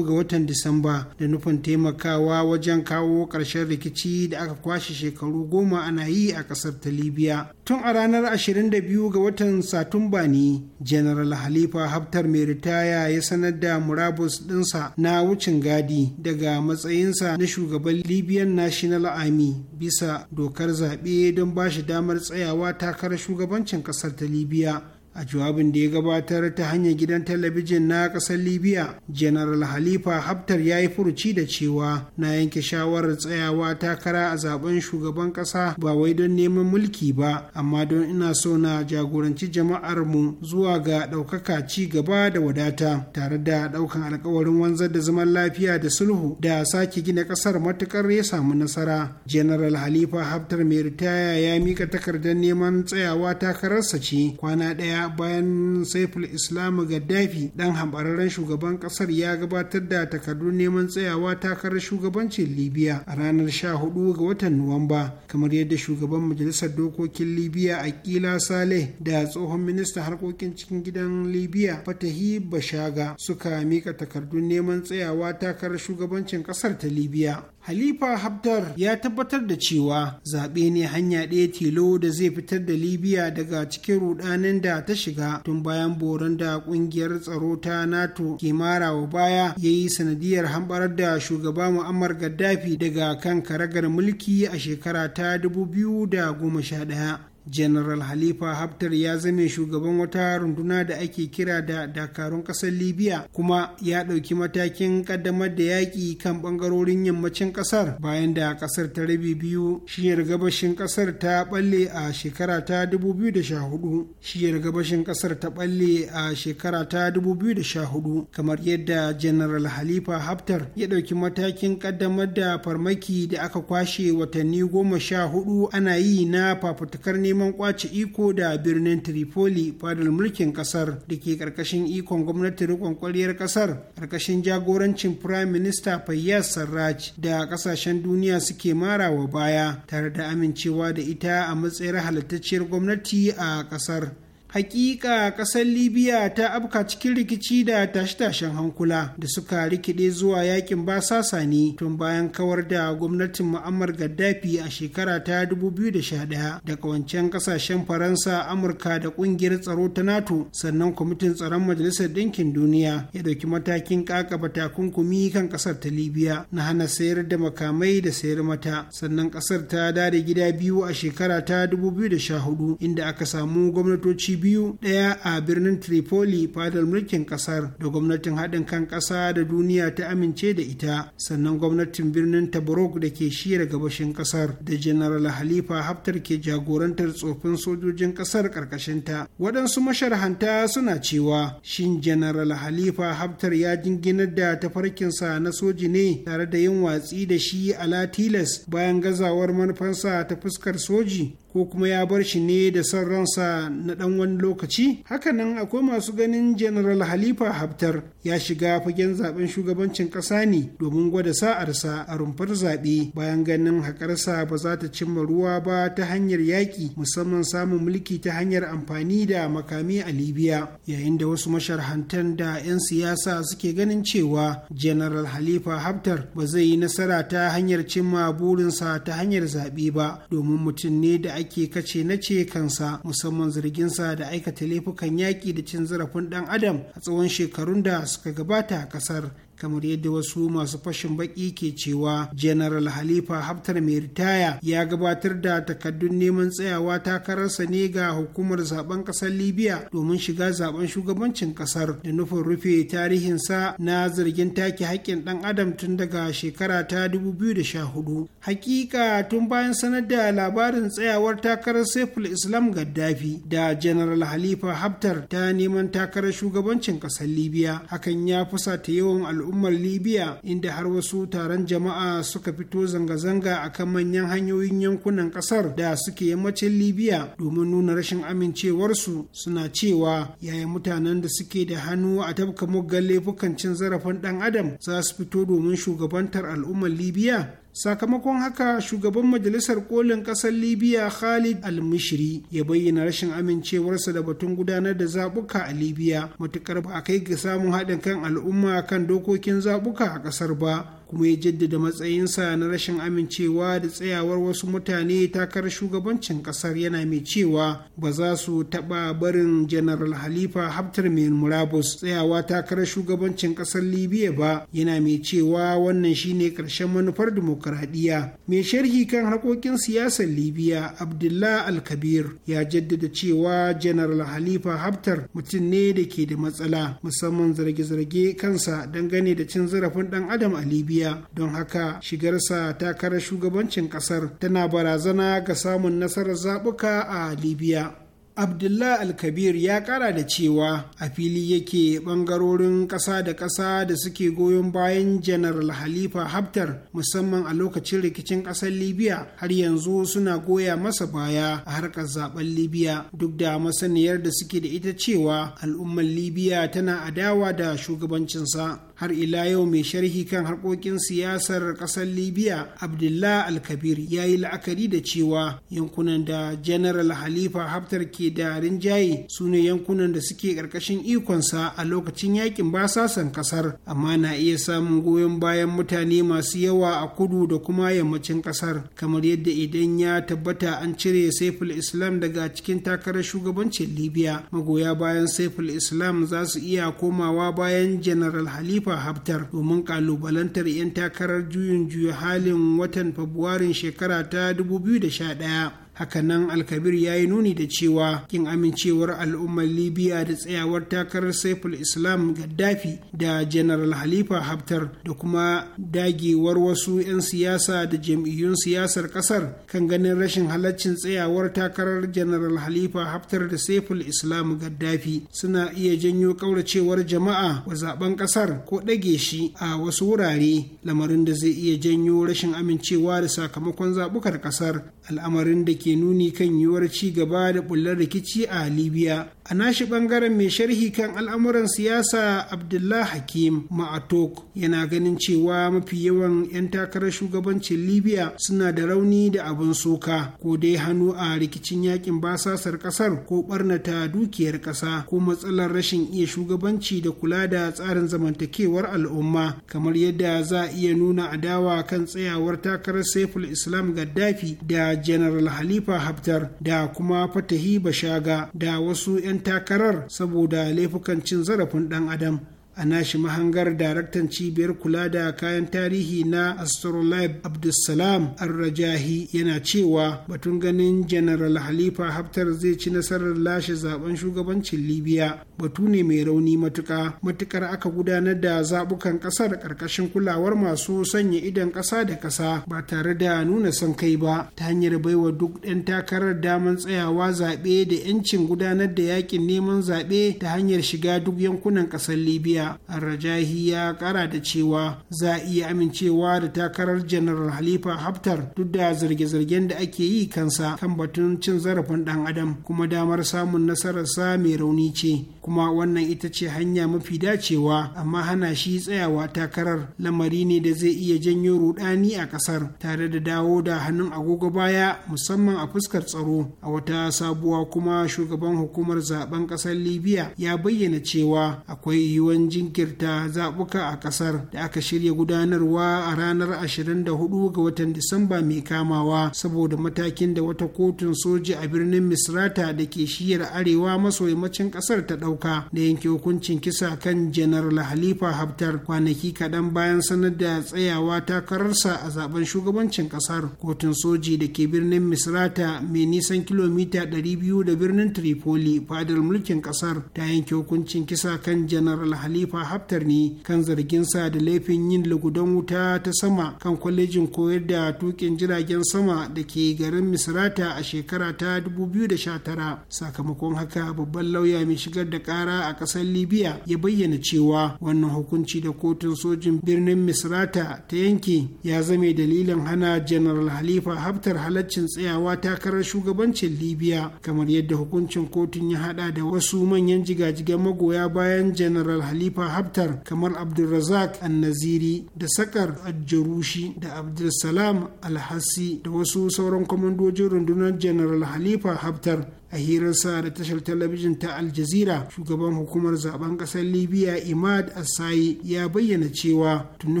ga watan Disamba da nufin taimakawa wajen kawo ƙarshen rikici da aka kwashe shekaru goma ana yi a kasar ta Libya. Tun a ranar 22 ga watan Satumba ne General Halifa Haftar jihar mai ritaya ya sanar da murabus ɗinsa na wucin gadi daga matsayinsa na shugaban libyan national army bisa dokar zaɓe don ba shi damar tsayawa takarar shugabancin ƙasar ta libya a jawabin da ya gabatar ta hanyar gidan talabijin na ƙasar libya general halifa haftar ya yi furuci da cewa na yanke shawarar tsayawa takara a zaben shugaban ƙasa ba wai don neman mulki ba amma don ina so na jagoranci jama'ar mu zuwa ga ɗaukaka ci gaba da wadata tare da ɗaukan alkawarin wanzar da zaman lafiya da sulhu da sake gina ƙasar matuƙar ya samu nasara general halifa haftar mai ritaya ya mika takardar neman tsayawa takararsa ce kwana ɗaya bayan saiful islam gaddafi ɗan hambararren shugaban kasar ya gabatar da takardun neman tsayawa takarar shugabancin libya a ranar 14 ga watan nuwamba kamar yadda shugaban majalisar dokokin libya akila saleh da tsohon minista harkokin cikin gidan libya fatahi bashaga suka mika takardun neman tsayawa takarar shugabancin kasar ta libya Halifa Haftar ya tabbatar da cewa zaɓe ne hanya ɗaya tilo da zai fitar da Libya daga cikin rudanin da ta shiga tun bayan boron da ƙungiyar tsaro ta NATO ke mara wa baya ya yi sanadiyar hambarar da shugaba Muammar Gaddafi daga kan karagar mulki a shekara ta 2011. general halifa haftar ya zame shugaban wata runduna da ake kira da dakarun kasar libya kuma ya ɗauki matakin ƙaddamar da yaƙi kan ɓangarorin yammacin ƙasar bayan da ƙasar ta rabi biyu shiyar gabashin ƙasar ta ɓalle a shekara ta 2014 shiyar gabashin ƙasar ta ɓalle a shekara ta 2014 kamar yadda general halifa haftar ya ɗauki matakin ƙaddamar da farmaki da aka kwashe watanni goma sha hudu ana yi na fafutukar neman kwace iko da birnin tripoli fadar mulkin kasar da ke karkashin ikon gwamnati rikon kwaliyar kasar karkashin jagorancin prime minister fayyaz sarraj da kasashen duniya suke mara wa baya tare da amincewa da ita a matsayin halittacciyar gwamnati a kasar hakika kasar libya ta afka cikin rikici da tashe-tashen hankula da suka rikide zuwa yakin basasa ne tun bayan kawar da gwamnatin mu'ammar gaddafi a shekara ta 2011 daga wancan kasashen faransa amurka da kungiyar tsaro ta nato sannan kwamitin tsaron majalisar ɗinkin duniya ya dauki matakin kakaba takunkumi kan kasar ta libya na hana sayar da makamai da sayar mata sannan kasar ta dade gida biyu a shekara ta 2014 inda aka samu gwamnatoci biyu ɗaya a birnin Tripoli fadar mulkin ƙasar da gwamnatin haɗin kan ƙasa da duniya ta amince da ita sannan gwamnatin birnin Tabarok da ke shiyar gabashin ƙasar da General Halifa Haftar ke jagorantar tsofin sojojin ƙasar ƙarƙashinta. Waɗansu masharhanta suna cewa shin General Halifa Haftar ya jinginar da tafarkinsa na soji ne tare da yin watsi da shi a latilas bayan gazawar manufansa ta fuskar soji ko kuma ya bar shi ne da son ransa na ɗan wani lokaci hakanan akwai masu ganin general halifa haftar ya shiga fagen zaben shugabancin ƙasa ne domin gwada sa'arsa a rumfar zaɓe bayan ganin haƙarsa ba za ta cimma ruwa ba ta hanyar yaƙi musamman samun mulki ta hanyar amfani da makami a libya yayin da wasu masharhantan da 'yan siyasa suke ganin cewa general halifa haftar ba zai yi nasara ta hanyar cimma burinsa ta hanyar zaɓe ba domin mutum ne da ake kace na ce kansa musamman zarginsa da aikata laifukan yaƙi da cin zarafin ɗan adam a tsawon shekarun da suka gabata a ƙasar kamar yadda wasu masu fashin baki ke cewa general halifa haftar mai ritaya ya gabatar da takaddun neman tsayawa takararsa ne ga hukumar zaben kasar libya domin shiga zaben shugabancin kasar da nufin rufe tarihinsa na zargin take haƙƙin ɗan adam tun daga shekara ta 2014 hakika tun bayan sanar da labarin tsayawar takarar saiful islam gaddafi da general halifa haftar ta neman takarar shugabancin kasar libya hakan ya fusata yawan al'umma al'ummar libya inda har wasu taron jama'a suka fito zanga-zanga a kan manyan hanyoyin yankunan kasar da suke yammacin libya domin nuna rashin amincewarsu suna cewa yayin mutanen da suke da hannu a tafka muggan laifukan cin zarafin dan adam za su fito domin shugabantar al'ummar libya sakamakon haka shugaban majalisar kolin kasar libya khalid al-mishri ya bayyana rashin amincewarsa da batun gudanar da zabuka a libya matukar ba a kai ga samun haɗin kan al'umma kan dokokin zabuka a ƙasar ba kuma ya jaddada matsayinsa na rashin amincewa da tsayawar wasu mutane takarar shugabancin kasar yana mai cewa ba za su taɓa barin janaral halifa haftar mai murabus tsayawa takarar shugabancin kasar libya ba yana mai cewa wannan shine ƙarshen manufar dimokuraɗiyya mai sharhi kan harkokin siyasar libya abdullah alkabir ya jaddada cewa janaral halifa haftar mutum ne da ke da matsala musamman zarge-zarge kansa dangane da cin zarafin dan adam a libya don haka shigarsa takarar shugabancin kasar tana barazana ga samun nasarar zaɓuka a libya abdullah alkabir ya kara da cewa a fili yake bangarorin ƙasa da ƙasa da suke goyon bayan janaral halifa haftar musamman a lokacin rikicin ƙasar libya har yanzu suna goya masa baya a harkar zaben libya duk da masaniyar da suke da ita cewa al'ummar libya tana adawa da shugabancinsa har ila yau mai sharhi kan harkokin siyasar ƙasar libya abdullah alkabir ya yi la'akari da cewa yankunan da janaral halifa haftar ke ke da rinjaye su ne yankunan da suke ƙarƙashin ikonsa a lokacin yakin basasan ƙasar amma na iya samun goyon bayan mutane masu yawa a kudu da kuma yammacin ƙasar kamar yadda idan ya tabbata an cire saiful islam daga cikin takarar shugabancin libya magoya bayan saiful islam za su iya komawa bayan general halifa haftar domin kalubalantar 'yan takarar juyin juya halin watan fabuwarin shekara ta 2011 hakanan alkabir ya yi nuni da cewa kin amincewar al'ummar libya da tsayawar takarar saiful islam gaddafi da general halifa haftar da kuma dagewar wasu 'yan siyasa da jam'iyyun siyasar kasar kan ganin rashin halaccin tsayawar takarar general halifa haftar da saiful islam gaddafi suna iya janyo kauracewar jama'a wa zaben kasar ko dage shi a wasu wurare lamarin da zai iya janyo rashin amincewa da sakamakon zaɓukar kasar al'amarin da ke nuni kan yiwuwar ci gaba da bullar rikici a libya a nashi bangaren mai sharhi kan al'amuran siyasa abdullah hakim ma'atok yana ganin cewa mafi yawan 'yan takarar shugabancin libya suna da rauni da abin soka ko dai hannu a rikicin yakin basasar kasar ko barnata dukiyar kasa ko matsalar rashin iya shugabanci da kula da tsarin zamantakewar al'umma kamar yadda za a iya nuna adawa kan tsayawar takarar saiful islam gaddafi da general halifa haftar da kuma fatahi bashaga da wasu 'yan takarar saboda laifukan cin zarafin ɗan adam a nashi mahangar daraktan cibiyar kula da kayan tarihi na astrolabe abdulsalam arrajahi yana cewa batun ganin general halifa haftar zai ci nasarar lashe zaben shugabancin libya batu ne mai rauni matuka matukar aka gudanar da zabukan kasar karkashin kulawar masu sanya idon kasa da kasa ba tare da nuna son kai ba ta hanyar baiwa duk ɗan takarar damar tsayawa zaɓe da 'yancin gudanar da yakin neman zaɓe ta hanyar shiga duk yankunan ƙasar libya libya rajahi ya kara da cewa za a iya amincewa da takarar janar halifa haftar duk da zarge-zargen da ake yi kansa kan batun cin zarafin dan adam kuma damar samun nasararsa mai rauni ce kuma wannan ita ce hanya mafi dacewa amma hana shi tsayawa takarar lamari ne da zai iya janyo rudani a kasar tare da dawo da hannun agogo baya musamman a fuskar tsaro a wata sabuwa kuma shugaban hukumar zaben kasar libya ya bayyana cewa akwai yiwuwan jinkirta zaɓuka a ƙasar da aka shirya gudanarwa a ranar 24 ga watan Disamba mai kamawa saboda matakin da wata kotun soji a birnin Misrata da ke shiyar arewa maso yammacin ƙasar ta ɗauka da yanke hukuncin kisa kan General Halifa Haftar kwanaki kaɗan bayan sanar da tsayawa takararsa a zaben shugabancin ƙasar. Kotun soji da ke birnin Misrata mai nisan kilomita 200 da birnin Tripoli fadar mulkin ƙasar ta yanke hukuncin kisa kan General Halifa Khalifa Haftar ne kan zargin sa da laifin yin lugudan wuta ta sama kan kwalejin koyar da tukin jiragen sama da ke garin Misrata a shekara ta 2019 sakamakon haka babban lauya mai shigar da kara a ƙasar Libya ya bayyana cewa wannan hukunci da kotun sojin birnin Misrata ta yanke ya zame dalilin hana General Khalifa Haftar halaccin tsayawa takarar shugabancin Libya kamar yadda hukuncin kotun ya hada da wasu manyan jigajigan magoya bayan General Khalifa khalifa haftar kamar abdulrazak annaziri da sakar aljarushi da abdulsalam alhassi da wasu sauran kwamandojin rundunar general halifa haftar a hirar sa da tashar talabijin ta aljazira shugaban hukumar zaben kasar libya imad asayi ya bayyana cewa tuni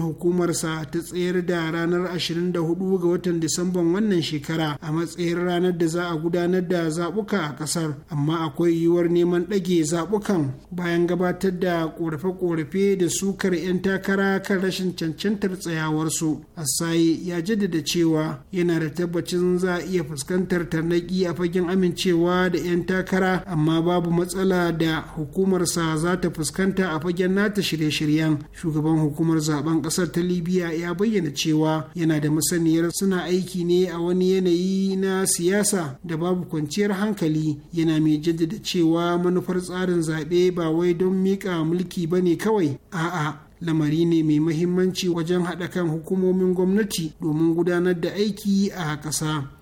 hukumarsa ta tsayar da ranar 24 ga watan disamban wannan shekara a matsayin ranar da za a gudanar da zaɓuka a kasar amma akwai yiwuwar neman ɗage zaɓukan bayan gabatar da ƙorafe korafe da sukar 'yan takara kan rashin cancantar tsayawarsu asayi ya jaddada cewa yana da tabbacin za a iya fuskantar tarnaƙi a fagen amincewa da 'yan takara amma babu matsala da hukumarsa za ta fuskanta a fagen nata shirye-shiryen shugaban hukumar zaben kasar ta libya ya bayyana cewa yana da masaniyar suna aiki ne a wani yanayi na siyasa da babu kwanciyar hankali yana mai jaddada cewa manufar tsarin zaɓe ba wai don miƙa mulki ba ne kawai a'a lamari ne mai mahimmanci wajen haɗa kan hukumomin gwamnati domin gudanar da aiki a ƙasa.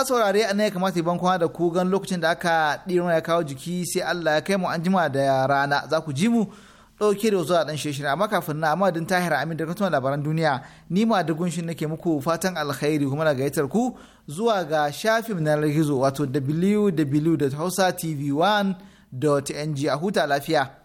ma saurare a ya kamata ban kwana da ku gan lokacin da aka ɗirin ya kawo jiki sai Allah ya kai mu an jima da rana za ku ji mu ɗauke da zuwa a ɗan shirin amma kafin na amma din tahir amin da kasuwan labaran duniya ni ma da gunshin nake muku fatan alkhairi kuma na gayyatar ku zuwa ga shafin na gizo wato www.hausatv1.ng a huta lafiya.